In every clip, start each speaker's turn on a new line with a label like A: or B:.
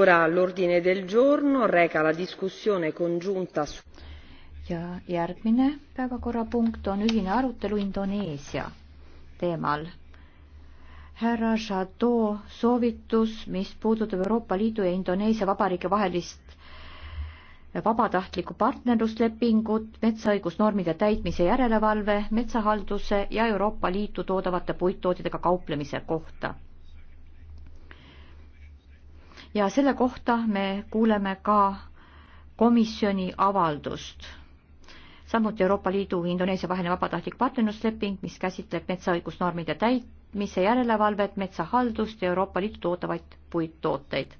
A: ora l'ordine del giorno reca la discussione congiunta su
B: ja järgmine päevakorrapunkt on ühine arutelu Indoneesia teemal. härra Chateau soovitus, mis puudutab Euroopa Liidu ja Indoneesia Vabariigi vahelist vabatahtlikku partnerluslepingut, metsaõigusnormide täitmise järelevalve, metsahalduse ja Euroopa Liitu toodavate puittoodidega kauplemise kohta ja selle kohta me kuuleme ka komisjoni avaldust. samuti Euroopa Liidu Indoneesia vaheline vabatahtlik partnerlusleping, mis käsitleb metsaõigusnormide täitmise järelevalvet, metsahaldust ja Euroopa Liitu toodavaid puidtooteid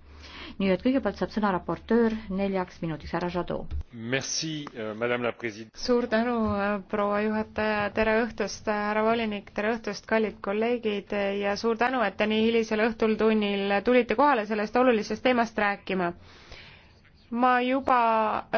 C: nii et kõigepealt saab sõna raportöör neljaks minutiks, härra Jadot.
A: Euh,
C: suur tänu, euh, proua juhataja, tere õhtust, härra volinik, tere õhtust, kallid kolleegid ja suur tänu, et te nii hilisel õhtul tunnil tulite kohale sellest olulisest teemast rääkima. ma juba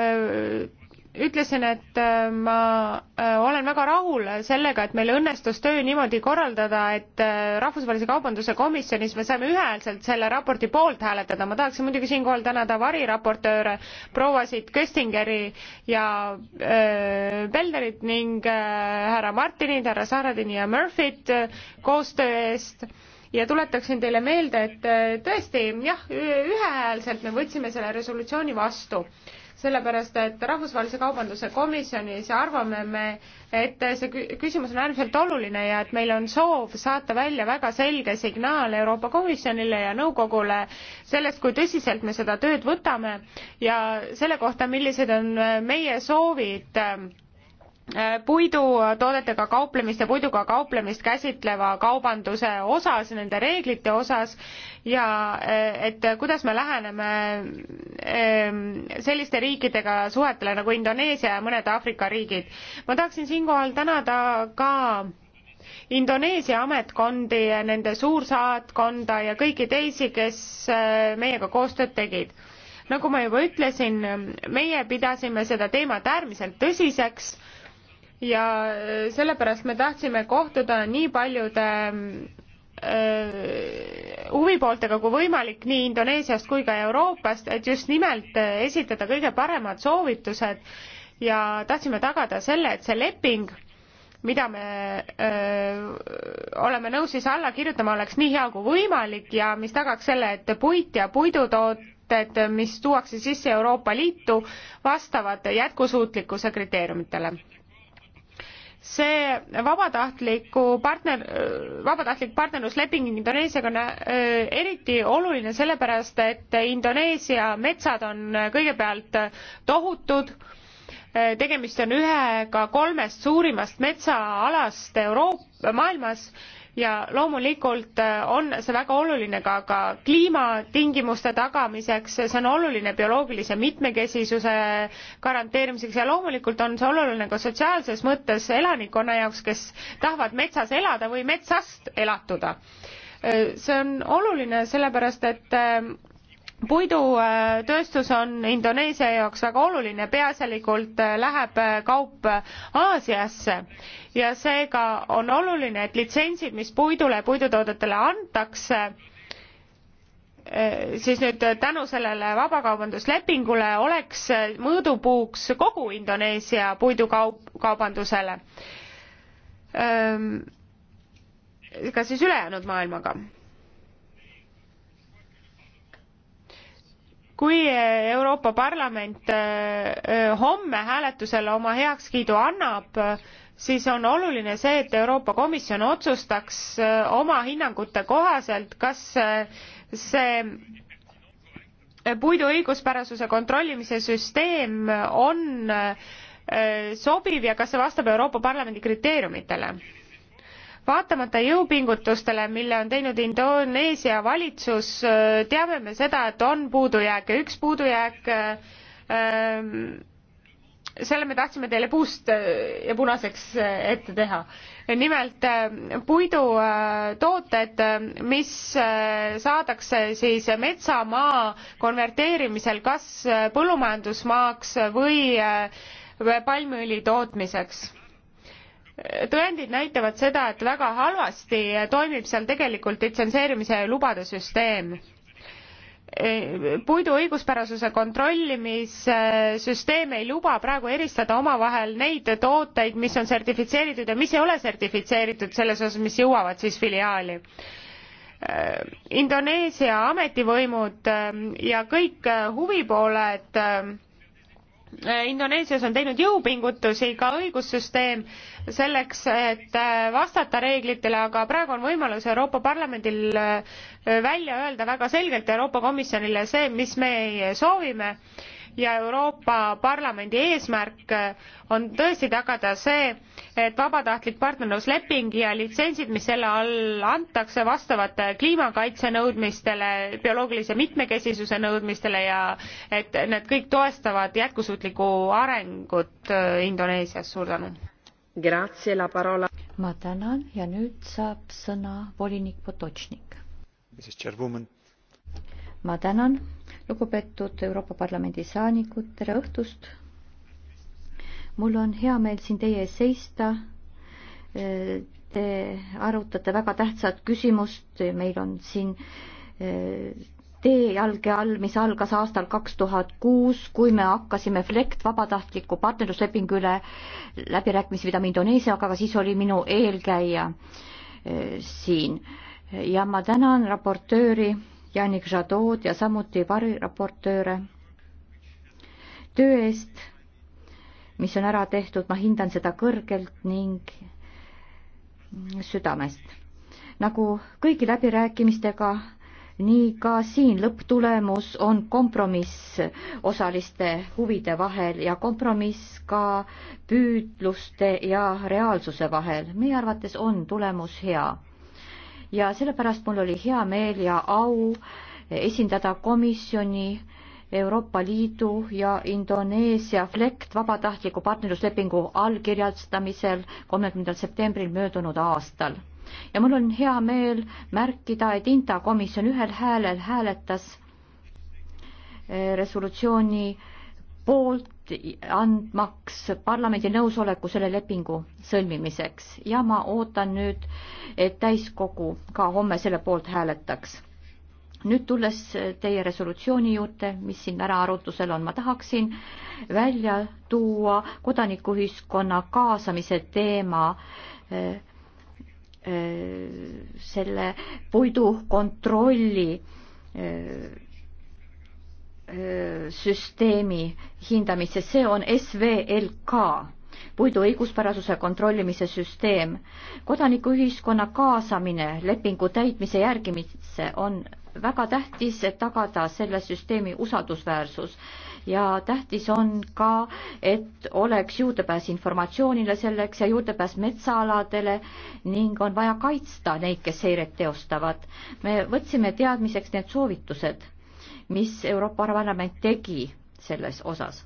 C: öö, äh, ütlesin, et äh, ma äh, olen väga rahul sellega, et meil õnnestus töö niimoodi korraldada, et äh, Rahvusvahelise Kaubanduse Komisjonis me saime ühehäälselt selle raporti poolt hääletada. ma tahaksin muidugi siinkohal tänada variraportööre prouasid Köstingeri ja öö, Belderit ning härra Martinit, härra Saaradini ja Murphyt koostöö eest ja tuletaksin teile meelde, et äh, tõesti jah, ühehäälselt me võtsime selle resolutsiooni vastu sellepärast, et Rahvusvahelise Kaubanduse Komisjonis arvame me, et see küsimus on äärmiselt oluline ja et meil on soov saata välja väga selge signaal Euroopa Komisjonile ja nõukogule sellest, kui tõsiselt me seda tööd võtame ja selle kohta, millised on äh, meie soovid äh, Äh, puidutoodetega äh, kauplemist ja puiduga kauplemist käsitleva kaubanduse osas, nende reeglite osas ja äh, et kuidas me läheneme ähm, selliste riikidega suhetele nagu Indoneesia ja mõned Aafrika riigid. ma tahaksin siinkohal tänada ka Indoneesia ametkondi, nende suursaatkonda ja kõiki teisi, kes meiega koostööd tegid nagu ma juba ütlesin, meie pidasime seda teemat äärmiselt tõsiseks ja äh, sellepärast me tahtsime kohtuda nii paljude äh, huvipooltega kui võimalik nii Indoneesiast kui ka Euroopast, et just nimelt äh, esitada kõige paremad soovitused ja tahtsime tagada selle, et see leping, mida me öö, oleme nõus siis alla kirjutama, oleks nii hea kui võimalik ja mis tagaks selle, et puit ja puidutooted, mis tuuakse sisse Euroopa Liitu, vastavad jätkusuutlikkuse kriteeriumitele see vabatahtliku partner, vabatahtlik partnerlusleping Indoneesiaga on äh, eriti oluline sellepärast, et Indoneesia metsad on äh, kõigepealt äh, tohutud, tegemist on ühega kolmest suurimast metsaalast Euroop-, maailmas ja loomulikult äh, on see väga oluline ka, ka kliimatingimuste tagamiseks, see on oluline bioloogilise mitmekesisuse garanteerimiseks ja loomulikult on see oluline ka sotsiaalses mõttes elanikkonna jaoks, kes tahavad metsas elada või metsast elatuda. Äh, see on oluline sellepärast, et äh, puidutööstus on Indoneesia jaoks väga oluline, peaasjalikult äh, läheb äh, kaup äh, Aasiasse ja seega on oluline, et litsentsid, mis puidule ja puidutoodetele antakse, siis nüüd tänu sellele vabakaubanduslepingule oleks mõõdupuuks kogu Indoneesia puidukaubandusele, ka siis ülejäänud maailmaga kui eh, Euroopa Parlament eh, eh, homme hääletusele oma heakskiidu annab, siis on oluline see, et Euroopa Komisjon otsustaks oma hinnangute kohaselt, kas see puidu õiguspärasuse kontrollimise süsteem on sobiv ja kas see vastab Euroopa Parlamendi kriteeriumitele vaatamata jõupingutustele, mille on teinud Indoneesia valitsus, äh, teame me seda, et on puudujääke, üks puudujääk ähm, selle me tahtsime teile puust äh, ja punaseks äh, ette teha. nimelt puidutooted, mis saadakse siis metsamaa konverteerimisel kas põllumajandusmaaks või palmiõli tootmiseks tõendid näitavad seda, et väga halvasti toimib seal tegelikult litsenseerimise lubade süsteem. E, puidu õiguspärasuse kontrollimissüsteem ei luba praegu eristada omavahel neid tooteid, mis on sertifitseeritud ja mis ei ole sertifitseeritud selles osas, mis jõuavad siis filiaali e, Indoneesia ametivõimud e, ja kõik huvipooled Eh, Indoneesias on teinud jõupingutusi ka õigussüsteem selleks, et eh, vastata reeglitele, aga praegu on võimalus Euroopa Parlamendil eh, välja öelda väga selgelt Euroopa Komisjonile see, mis me soovime ja Euroopa Parlamendi eesmärk eh, on tõesti tagada see, et vabatahtlik partnerlusleping ja litsentsid, mis selle all antakse, vastavad kliimakaitse nõudmistele, bioloogilise mitmekesisuse nõudmistele ja et need kõik toestavad jätkusuutlikku arengut eh, Indoneesias. suur tänu!
B: ma tänan ja nüüd saab sõna volinik Potočnik. ma tänan lugupeetud Euroopa Parlamendi saanikud, tere õhtust! mul on hea meel siin teie ees seista. Te arutate väga tähtsat küsimust, meil on siin eh, teejalge all, mis algas aastal kaks tuhat kuus, kui me hakkasime FLECT vabatahtliku partnerluslepingu üle läbirääkimisi pidama Indoneesiaga, aga siis oli minu eelkäija eh, siin ja ma tänan raportööri Janik Žadood ja samuti variraportööre töö eest, mis on ära tehtud, ma hindan seda kõrgelt ning südamest. nagu kõigi läbirääkimistega, nii ka siin lõpptulemus on kompromiss osaliste huvide vahel ja kompromiss ka püüdluste ja reaalsuse vahel. meie arvates on tulemus hea ja sellepärast mul oli hea meel ja au esindada komisjoni Euroopa Liidu ja Indoneesia FLECT vabatahtliku partnerluslepingu allkirjastamisel kolmekümnendal septembril möödunud aastal. ja mul on hea meel märkida, et INTA komisjon ühel häälel hääletas eh, resolutsiooni poolt andmaks parlamendi nõusoleku selle lepingu sõlmimiseks ja ma ootan nüüd, et täiskogu ka homme selle poolt hääletaks. nüüd tulles teie resolutsiooni juurde, mis siin ära arutusel on, ma tahaksin välja tuua kodanikuühiskonna kaasamise teema eh, eh, selle puidukontrolli eh, süsteemi hindamisse, see on SVLK, puidu õiguspärasuse kontrollimise süsteem. kodanikuühiskonna kaasamine lepingu täitmise järgimisse on väga tähtis, et tagada selle süsteemi usaldusväärsus ja tähtis on ka, et oleks juurdepääs informatsioonile selleks ja juurdepääs metsaaladele ning on vaja kaitsta neid, kes seiret teostavad. me võtsime teadmiseks need soovitused mis Euroopa Parlament tegi selles osas.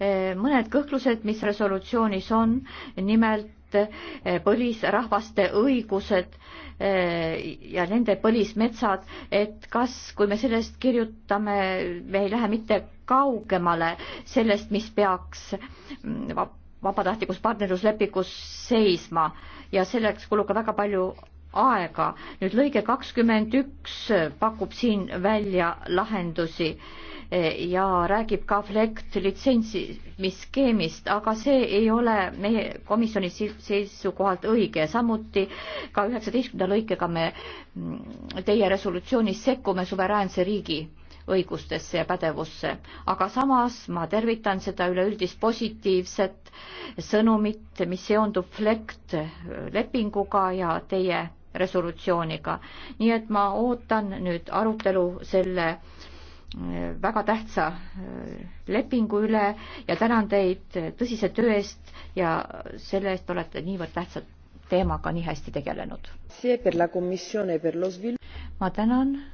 B: Eh, mõned kõhklused, mis resolutsioonis on, nimelt eh, põlisrahvaste õigused eh, ja nende põlismetsad, et kas, kui me sellest kirjutame, me ei lähe mitte kaugemale sellest, mis peaks mm, vabatahtlikus partnerluslepingus seisma ja selleks kulub ka väga palju aega. nüüd lõige kakskümmend üks pakub siin välja lahendusi ja räägib ka FLECT litsentsimisskeemist, aga see ei ole meie komisjoni seisukohalt õige, samuti ka üheksateistkümnenda lõikega me mm, teie resolutsioonis sekkume suveräänse riigi õigustesse ja pädevusse, aga samas ma tervitan seda üleüldist positiivset sõnumit, mis seondub FLECT lepinguga ja teie resolutsiooniga. nii et ma ootan nüüd arutelu selle äh, väga tähtsa äh, lepingu üle ja tänan teid tõsise töö eest ja selle eest olete niivõrd tähtsa teemaga nii hästi tegelenud. ma tänan äh,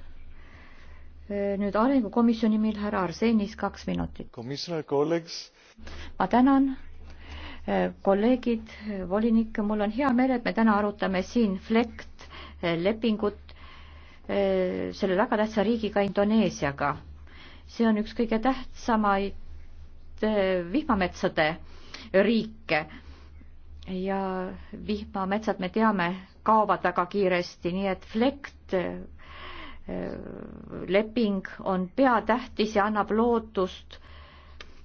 B: nüüd arengukomisjoni nimel härra Arsenis kaks minutit. ma tänan kolleegid, volinik, mul on hea meel, et me täna arutame siin FLECT lepingut eh, selle väga tähtsa riigiga Indoneesiaga. see on üks kõige tähtsamaid eh, vihmametsade riike ja vihmametsad, me teame, kaovad väga kiiresti, nii et FLECT eh, leping on peatähtis ja annab lootust,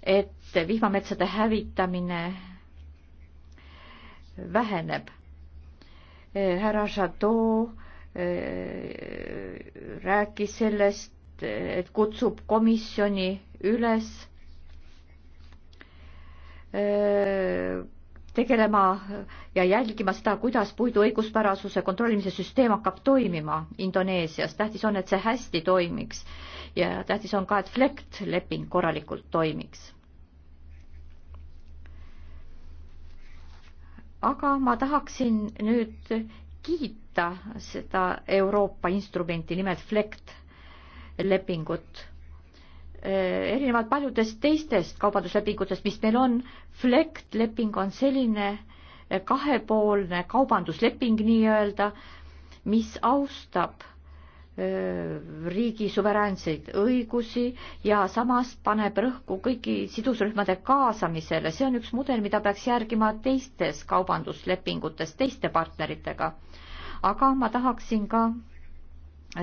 B: et vihmametsade hävitamine väheneb. härra Chateau eh, rääkis sellest, et kutsub komisjoni üles eh, tegelema ja jälgima seda, kuidas puidu õiguspärasuse kontrollimise süsteem hakkab toimima Indoneesias. tähtis on, et see hästi toimiks ja tähtis on ka, et FLECT leping korralikult toimiks aga ma tahaksin nüüd kiita seda Euroopa instrumenti, nimelt FLECT lepingut. erinevalt paljudest teistest kaubanduslepingutest, mis meil on, FLECT leping on selline kahepoolne kaubandusleping nii-öelda, mis austab riigi suveräänseid õigusi ja samas paneb rõhku kõigi sidusrühmade kaasamisele. see on üks mudel, mida peaks järgima teistes kaubanduslepingutes teiste partneritega. aga ma tahaksin ka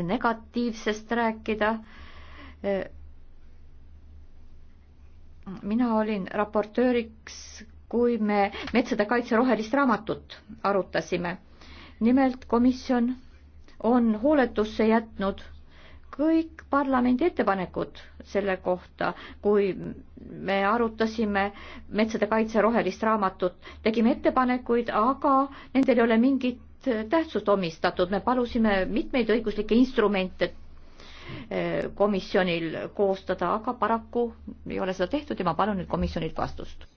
B: negatiivsest rääkida. mina olin raportööriks, kui me metsade kaitse rohelist raamatut arutasime. nimelt komisjon on hooletusse jätnud kõik parlamendi ettepanekud selle kohta, kui me arutasime metsade kaitse rohelist raamatut, tegime ettepanekuid, aga nendel ei ole mingit tähtsust omistatud, me palusime mitmeid õiguslikke instrumente eh, komisjonil koostada, aga paraku ei ole seda tehtud ja ma palun nüüd komisjonilt vastust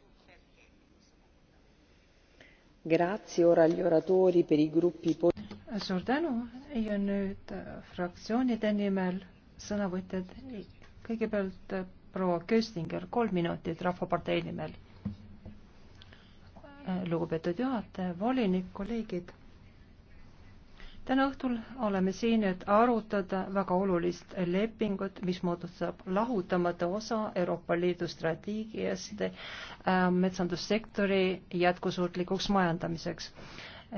A: suur tänu ja nüüd äh, fraktsioonide nimel sõnavõtjad. kõigepealt äh, proua Köstinger, kolm minutit Rahvapartei nimel. Äh, lugupeetud juhataja, volinik, kolleegid täna õhtul oleme siin, et arutada väga olulist lepingut, mis moodustab lahutamata osa Euroopa Liidu strateegiast metsandussektori jätkusuutlikuks majandamiseks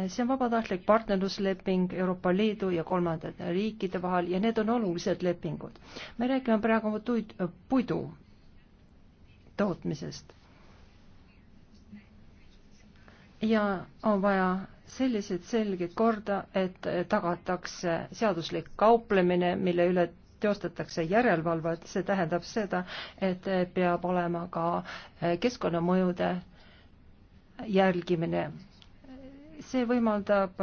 A: see on vabatahtlik partnerlusleping Euroopa Liidu ja kolmandate riikide vahel ja need on olulised lepingud. me räägime praegu tuid, puidu tootmisest. ja on vaja sellised selged korda, et tagatakse seaduslik kauplemine, mille üle teostatakse järelevalvet, see tähendab seda, et peab olema ka keskkonnamõjude jälgimine see võimaldab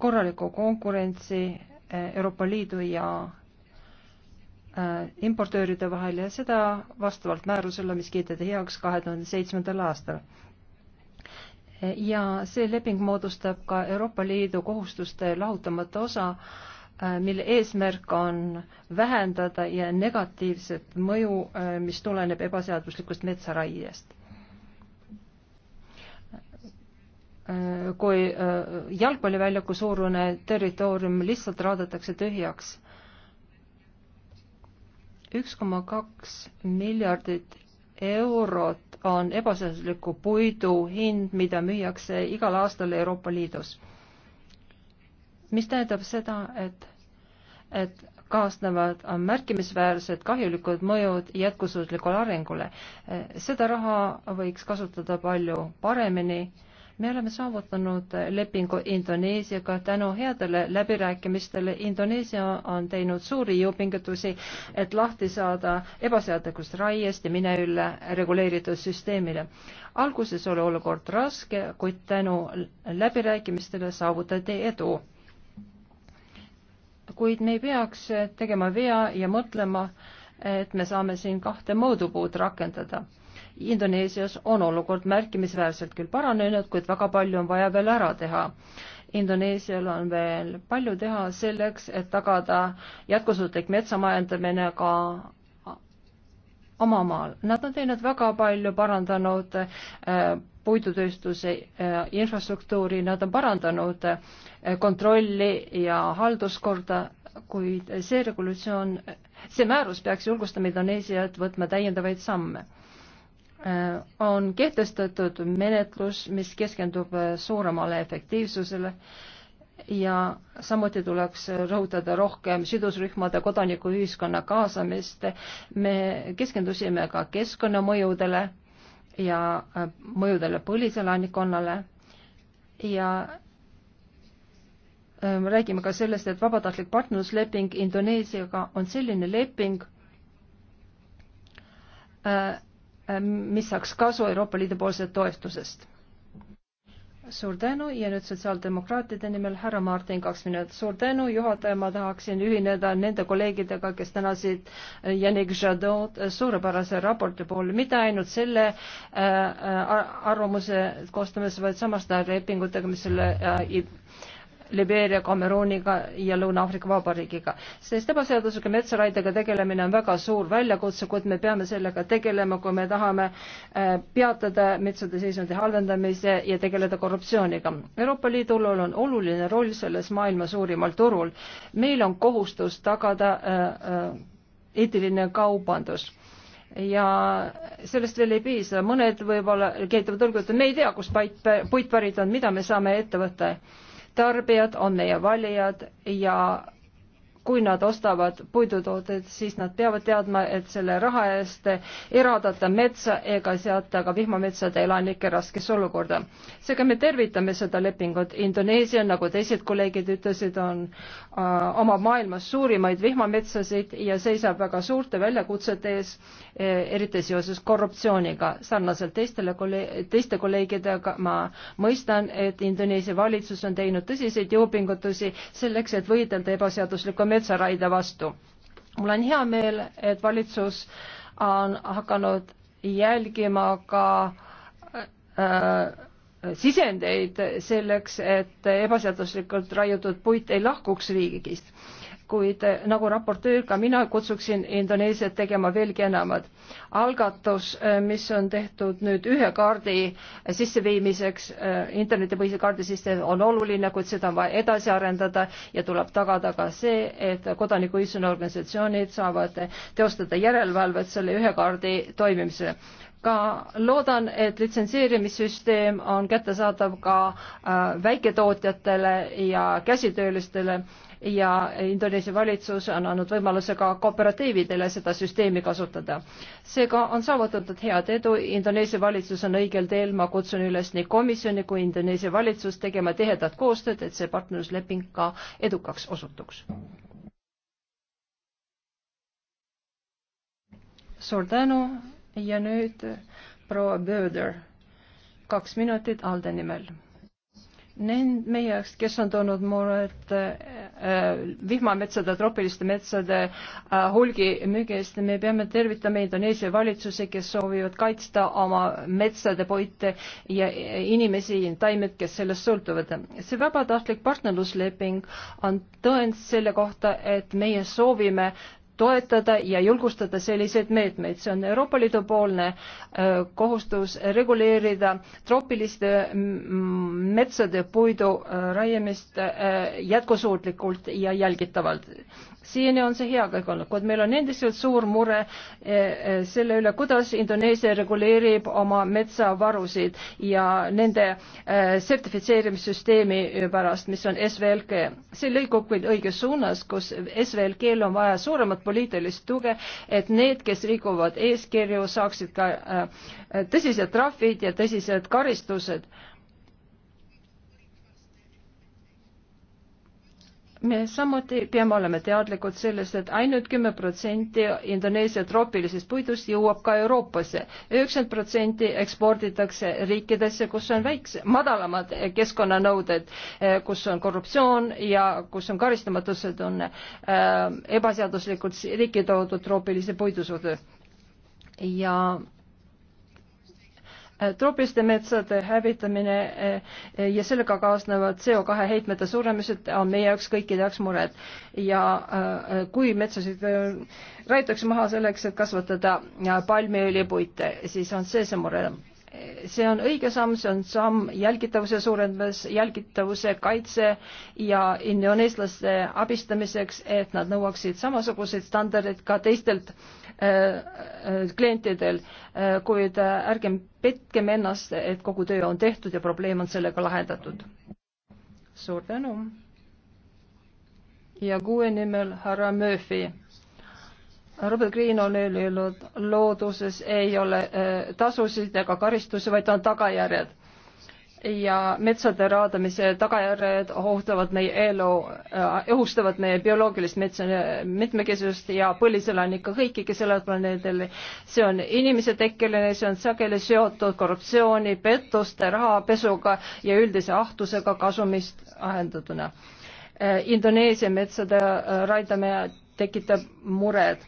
A: korralikku konkurentsi eh, Euroopa Liidu ja eh, importööride vahel ja seda vastavalt määrusele, mis kiideti heaks kahe tuhande seitsmendal aastal. Eh, ja see leping moodustab ka Euroopa Liidu kohustuste lahutamatu osa, mille eesmärk on vähendada ja negatiivset mõju, mis tuleneb ebaseaduslikust metsaraiest kui äh, jalgpalliväljaku suurune territoorium lihtsalt raadatakse tühjaks. üks koma kaks miljardit eurot on ebaseadusliku puidu hind, mida müüakse igal aastal Euroopa Liidus. mis tähendab seda, et, et kaasnevad märkimisväärsed kahjulikud mõjud jätkusuutlikule arengule. seda raha võiks kasutada palju paremini me oleme saavutanud lepingu Indoneesiaga tänu headele läbirääkimistele. Indoneesia on teinud suuri jõupingutusi, et lahti saada ebaseaduslikust raiest ja mine üle reguleeritud süsteemile. alguses oli olukord raske, kuid tänu läbirääkimistele saavutati edu kuid me ei peaks tegema vea ja mõtlema, et me saame siin kahte mõõdupuud rakendada Indoneesias on olukord märkimisväärselt küll paranenud, kuid väga palju on vaja veel ära teha. Indoneesial on veel palju teha selleks, et tagada jätkusuutlik metsamajandamine ka oma maal. Nad on teinud väga palju, parandanud äh, puidutööstuse äh, infrastruktuuri, nad on parandanud äh, kontrolli ja halduskorda, kuid see regulatsioon, see määrus peaks julgustama Indoneesiat võtma täiendavaid samme Äh, on kehtestatud menetlus, mis keskendub äh, suuremale efektiivsusele ja samuti tuleks rõhutada rohkem sidusrühmade kodanikuühiskonna kaasamist. me keskendusime ka keskkonnamõjudele ja äh, mõjudele põliselanikkonnale ja ähm, räägime ka sellest, et vabatahtlik partnerlusleping Indoneesiaga on selline leping äh,, Ähm, mis saaks kasu Euroopa Liidu poolsest toetusest. suur tänu ja nüüd sotsiaaldemokraatide nimel härra Martin, kaks minutit. suur tänu, juhataja, ma tahaksin ühineda nende kolleegidega, kes tänasid Janik äh, Jadot äh, suurepärase raporti poole, mitte ainult selle äh, äh arvamuse koostamises, vaid samaste lepingutega, mis selle äh, Libeeria, Kameruuniga ja Lõuna-Aafrika Vabariigiga, sest ebaseadusliku metsaraidega tegelemine on väga suur väljakutse, kuid me peame sellega tegelema, kui me tahame äh, peatada metsade seisundi halvendamise ja tegeleda korruptsiooniga. Euroopa Liidul on oluline roll selles maailma suurimal turul. meil on kohustus tagada äh, äh, eetiline kaubandus ja sellest veel ei piisa, mõned võib-olla keetavad õlgu, et me ei tea, kust puit pärit on, mida me saame ette võtta tarbijad on meie valijad ja kui nad ostavad puidutooted, siis nad peavad teadma, et selle raha eest ei raadata metsa ega seata ka vihmametsade elanikke raskesse olukorda. seega me tervitame seda lepingut. Indoneesia, nagu teised kolleegid ütlesid, on äh,, omab maailmas suurimaid vihmametsasid ja seisab väga suurte väljakutsete ees eh,, eriti seoses korruptsiooniga. sarnaselt teistele kolleeg-, teiste kolleegidega ma mõistan, et Indoneesia valitsus on teinud tõsiseid jõupingutusi selleks, et võidelda ebaseadusliku metsaraide vastu. mul on hea meel, et valitsus on hakanud jälgima ka äh, sisendeid selleks, et ebaseaduslikult raiutud puit ei lahkuks riigist kuid nagu raportöör ka mina kutsuksin Indoneesiat tegema veelgi enamat. algatus, äh, mis on tehtud nüüd ühe kaardi äh, sisseviimiseks, äh, internetipõhise kaardi sisse, on oluline, kuid seda on vaja edasi arendada ja tuleb tagada ka see, et kodanikuühiskonna organisatsioonid saavad teostada järelevalvet selle ühe kaardi toimimise ka loodan, et litsenseerimissüsteem on kättesaadav ka väiketootjatele ja käsitöölistele ja Indoneesia valitsus on andnud võimaluse ka kooperatiividele seda süsteemi kasutada. seega on saavutatud head edu, Indoneesia valitsus on õigel teel, ma kutsun üles nii komisjoni kui Indoneesia valitsust tegema tihedat koostööd, et see partnerlusleping ka edukaks osutuks. suur tänu ja nüüd proua Böder, kaks minutit ALDE nimel Nend-, meie jaoks, kes on toonud muret äh, äh, vihmametsade, troopiliste metsade äh, hulgi müügi eest, me peame tervitama Indoneesia valitsuse, kes soovivad kaitsta oma metsade poite ja äh, inimesi ja taimed, kes sellest sõltuvad. see vabatahtlik partnerlusleping on tõend selle kohta, et meie soovime toetada ja julgustada selliseid meetmeid. see on Euroopa Liidu poolne äh, kohustus reguleerida troopiliste metsade puidu äh, raiemist äh, jätkusuutlikult ja jälgitavalt siiani on see hea kõik olnud, kuid meil on endiselt suur mure selle üle, kuidas Indoneesia reguleerib oma metsavarusid ja nende sertifitseerimissüsteemi pärast, mis on SVLG. see liigub küll õiges suunas, kus SVLG-l on vaja suuremat poliitilist tuge, et need, kes rikuvad eeskirju, saaksid ka äh, tõsised trahvid ja tõsised karistused me samuti peame olema teadlikud sellest, et ainult kümme protsenti Indoneesia troopilisest puidust jõuab ka Euroopasse. üheksakümmend protsenti eksporditakse riikidesse, kus on väikse, madalamad keskkonnanõuded, eh, kus on korruptsioon ja kus on karistamatuse tunne eh, ebaseaduslikult riiki toodud troopilise puidu suhtes. ja troopiliste metsade hävitamine eh, eh, ja sellega kaasnevad CO2 heitmete suuremised on meie jaoks kõikide jaoks mured. ja eh, kui metsasid raiutakse maha selleks, et kasvatada palmiõlipuite, siis on see see mure. see on õige samm, see on samm jälgitavuse suurendamise, jälgitavuse kaitse ja indoneeslaste abistamiseks, et nad nõuaksid samasuguseid standardeid ka teistelt äh, Äh, äh, klientidel, äh, kuid ärgem petkem ennast, et kogu töö on tehtud ja probleem on sellega lahendatud. suur tänu. ja kuue nimel härra Murphy. Robert Greene on öelnud, looduses ei ole tasusid ega karistusi, vaid on tagajärjed ja metsade raadamise tagajärjed ohustavalt meie elu, äh, õhustavad meie bioloogilist metsa mitmekesisust ja põliselanikke kõiki, kes elavad planeedil. see on inimese tekkeline, see on sageli seotud korruptsiooni, pettuste, rahapesuga ja üldise ahtusega kasumist ahendatuna. Äh, Indoneesia metsade äh, raidamine tekitab mured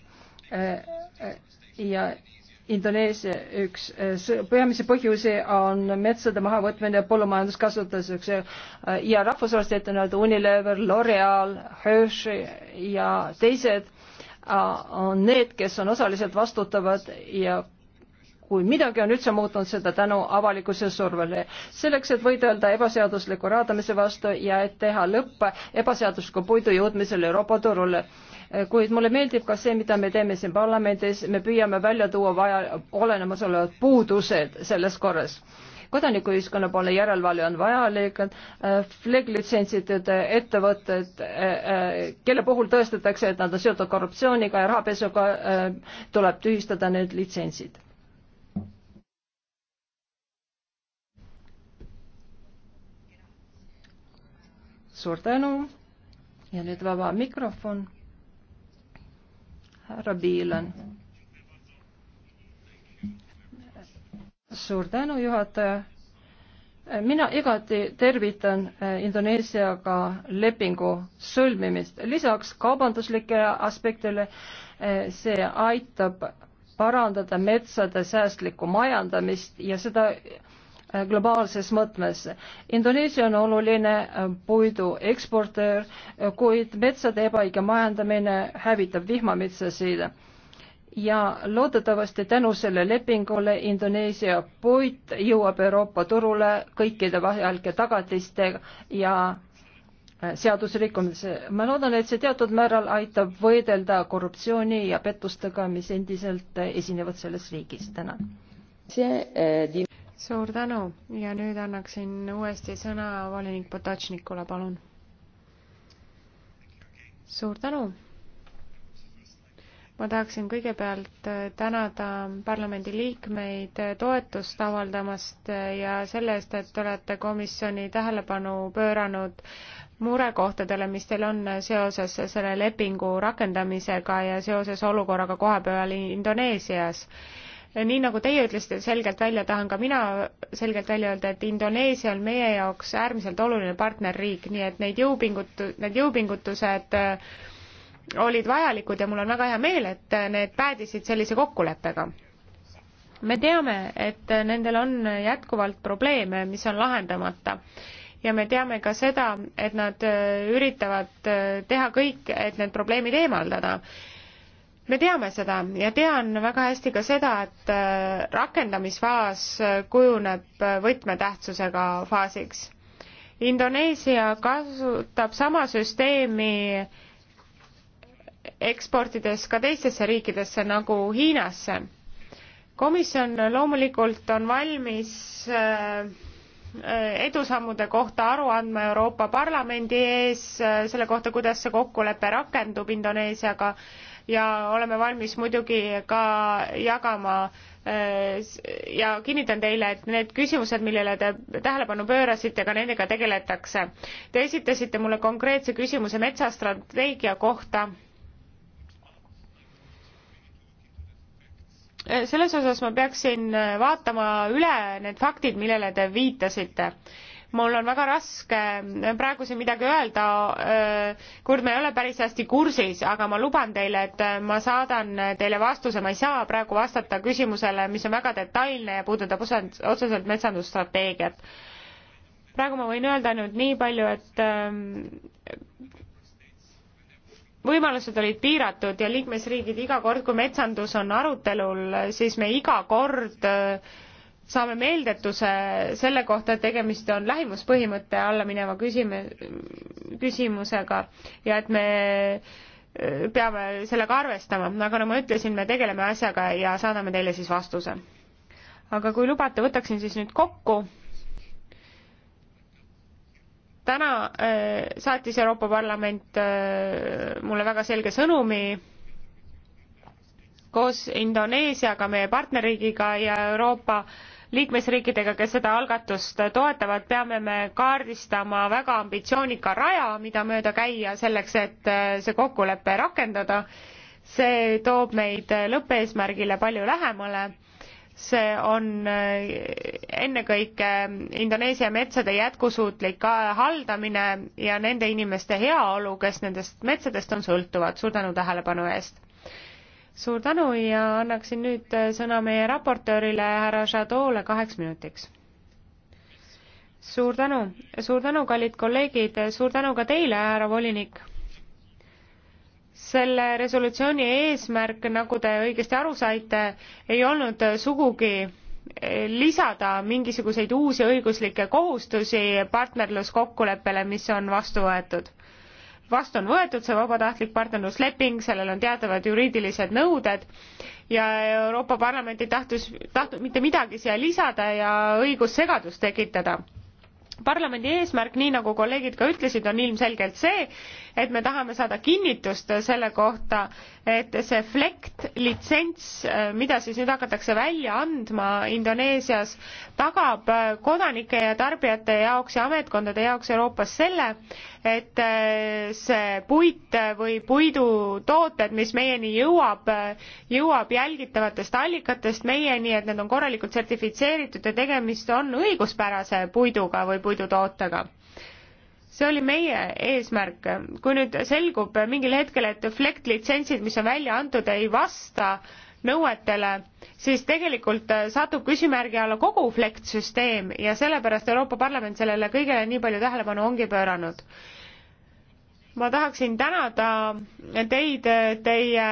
A: ja Indoneesia üks eh, peamisi põhjusi on metsade mahavõtmine põllumajanduskasutuseks ja rahvusvahelised ettevõtted Unilever, L'Oreal, Hershey ja teised on need, kes on osaliselt vastutavad ja kui midagi on üldse muutunud, seda tänu avalikkuse survele. selleks, et võidelda ebaseadusliku raadamise vastu ja et teha lõpp ebaseadusliku puidu jõudmisele Euroopa turule kuid mulle meeldib ka see, mida me teeme siin parlamendis, me püüame välja tuua vaja, olemasolevad puudused selles korras kodanikuühiskonna poole järelevalve on vajalik, FLEG litsentsitud ettevõtted, kelle puhul tõestatakse, et nad on seotud korruptsiooniga ja rahapesuga, tuleb tühistada need litsentsid. suur tänu ja nüüd vaba mikrofon härra Biilan. suur tänu, juhataja. mina igati tervitan eh, Indoneesiaga lepingu sõlmimist. lisaks kaubanduslikele aspektile eh, see aitab parandada metsade säästlikku majandamist ja seda globaalses mõtmes. Indoneesia on oluline äh, puidu eksportöör, äh, kuid metsade ebaõige majandamine hävitab vihmametsasid ja loodetavasti tänu selle lepingule Indoneesia puit jõuab Euroopa turule kõikide vajalike tagatistega ja äh, seadusrikkumise. ma loodan, et see teatud määral aitab võidelda korruptsiooni ja pettustega, mis endiselt esinevad selles riigis. tänan suur tänu ja nüüd annaksin uuesti sõna volinik Potočnikule, palun.
C: suur tänu. ma tahaksin kõigepealt tänada parlamendi liikmeid toetust avaldamast ja selle eest, et olete komisjoni tähelepanu pööranud murekohtadele, mis teil on seoses selle lepingu rakendamisega ja seoses olukorraga kohapeal Indoneesias nii nagu teie ütlesite selgelt välja, tahan ka mina selgelt välja öelda, et Indoneesia on meie jaoks äärmiselt oluline partnerriik, nii et neid jõupingutu-, need jõupingutused äh, olid vajalikud ja mul on väga hea meel, et äh, need päädisid sellise kokkuleppega. me teame, et äh, nendel on jätkuvalt probleeme, mis on lahendamata ja me teame ka seda, et nad üritavad teha kõik, et need probleemid eemaldada me teame seda ja tean väga hästi ka seda, et äh, rakendamisfaas äh, kujuneb äh, võtmetähtsusega faasiks. Indoneesia kasutab sama süsteemi eksportides ka teistesse riikidesse nagu Hiinasse. komisjon loomulikult on valmis äh, Äh, edusammude kohta aru andma Euroopa Parlamendi ees, äh, selle kohta, kuidas see kokkulepe rakendub Indoneesiaga ja oleme valmis muidugi ka jagama äh, ja kinnitan teile, et need küsimused, millele te tähelepanu pöörasite, ka nendega tegeletakse. Te esitasite mulle konkreetse küsimuse metsastrateegia kohta Äh, selles osas ma peaksin äh, vaatama üle need faktid, millele te viitasite. mul on väga raske äh, praegu siin midagi öelda, kuivõrd ma ei ole päris hästi kursis, aga ma luban teile, et ma saadan teile vastuse, ma ei saa praegu vastata küsimusele, mis on väga detailne ja puudutab otseselt metsandusstrateegiat. praegu ma võin öelda ainult nii palju, et ähm, võimalused olid piiratud ja liikmesriigid iga kord, kui metsandus on arutelul, siis me iga kord äh, saame meeldetuse selle kohta, et tegemist on lähimuspõhimõtte alla mineva küsime-, küsimusega ja et me äh, peame sellega arvestama, aga nagu ma ütlesin, me tegeleme asjaga ja saadame teile siis vastuse. aga kui lubate, võtaksin siis nüüd kokku täna äh, saatis Euroopa Parlament äh, mulle väga selge sõnumi koos Indoneesiaga, meie partnerriigiga ja Euroopa liikmesriikidega, kes seda algatust toetavad, peame me kaardistama väga ambitsioonika raja, mida mööda käia selleks, et äh, see kokkulepe rakendada. see toob meid lõppeesmärgile palju lähemale see on äh, ennekõike Indoneesia metsade jätkusuutlik äh, haldamine ja nende inimeste heaolu, kes nendest metsadest on sõltuvad. suur tänu tähelepanu eest! suur tänu ja annaksin nüüd äh, sõna meie raportöörile härra Jadole kaheks minutiks suur tänu, suur tänu, kallid kolleegid, suur tänu ka teile, härra volinik selle resolutsiooni eesmärk, nagu te õigesti aru saite, ei olnud sugugi eh, lisada mingisuguseid uusi õiguslikke kohustusi partnerluskokkuleppele, mis on vastu võetud. vastu on võetud see vabatahtlik partnerlusleping, sellel on teatavad juriidilised nõuded ja Euroopa Parlament ei tahtus, tahtnud mitte midagi siia lisada ja õigussegadust tekitada parlamendi eesmärk, nii nagu kolleegid ka ütlesid, on ilmselgelt see, et me tahame saada kinnitust selle kohta, et see FLECT litsents, mida siis nüüd hakatakse välja andma Indoneesias, tagab kodanike ja tarbijate jaoks ja ametkondade jaoks Euroopas selle, et see puit või puidutooted, mis meieni jõuab, jõuab jälgitavatest allikatest meieni, et need on korralikult sertifitseeritud ja tegemist on õiguspärase puiduga või puidutootega see oli meie eesmärk. kui nüüd selgub mingil hetkel, et Flekt litsentsid, mis on välja antud, ei vasta nõuetele, siis tegelikult satub küsimärgi alla kogu Flekt süsteem ja sellepärast Euroopa Parlament sellele kõigele nii palju tähelepanu ongi pööranud. ma tahaksin tänada teid teie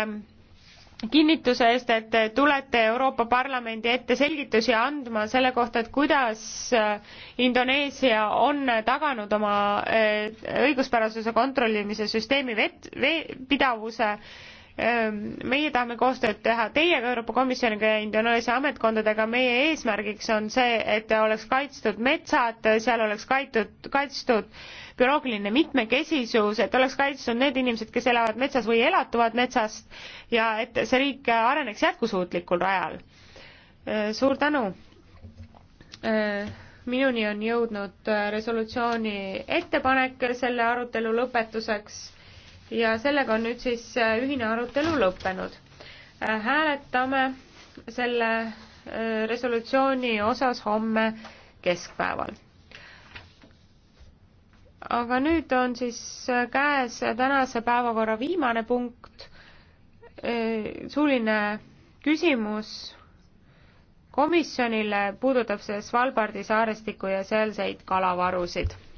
C: kinnituse eest, et tulete Euroopa Parlamendi ette selgitusi andma selle kohta, et kuidas äh, Indoneesia on taganud oma äh, õiguspärasuse kontrollimise süsteemi vet-, vee-, pidavuse äh, Ehm, meie tahame koostööd teha teiega, Euroopa Komisjoniga ja Indoneesia ametkondadega, meie eesmärgiks on see, et oleks kaitstud metsad, seal oleks kaitstud, kaitstud bioloogiline mitmekesisus, et oleks kaitstud need inimesed, kes elavad metsas või elatuvad metsast ja et see riik areneks jätkusuutlikul rajal. Ehm, suur tänu! Ehm, minuni on jõudnud äh, resolutsiooni ettepanek selle arutelu lõpetuseks ja sellega on nüüd siis äh, ühine arutelu lõppenud. Äh, hääletame selle äh, resolutsiooni osas homme keskpäeval. aga nüüd on siis käes tänase päevakorra viimane punkt, suuline küsimus komisjonile puudutab see Svalbardi saarestiku ja sealseid kalavarusid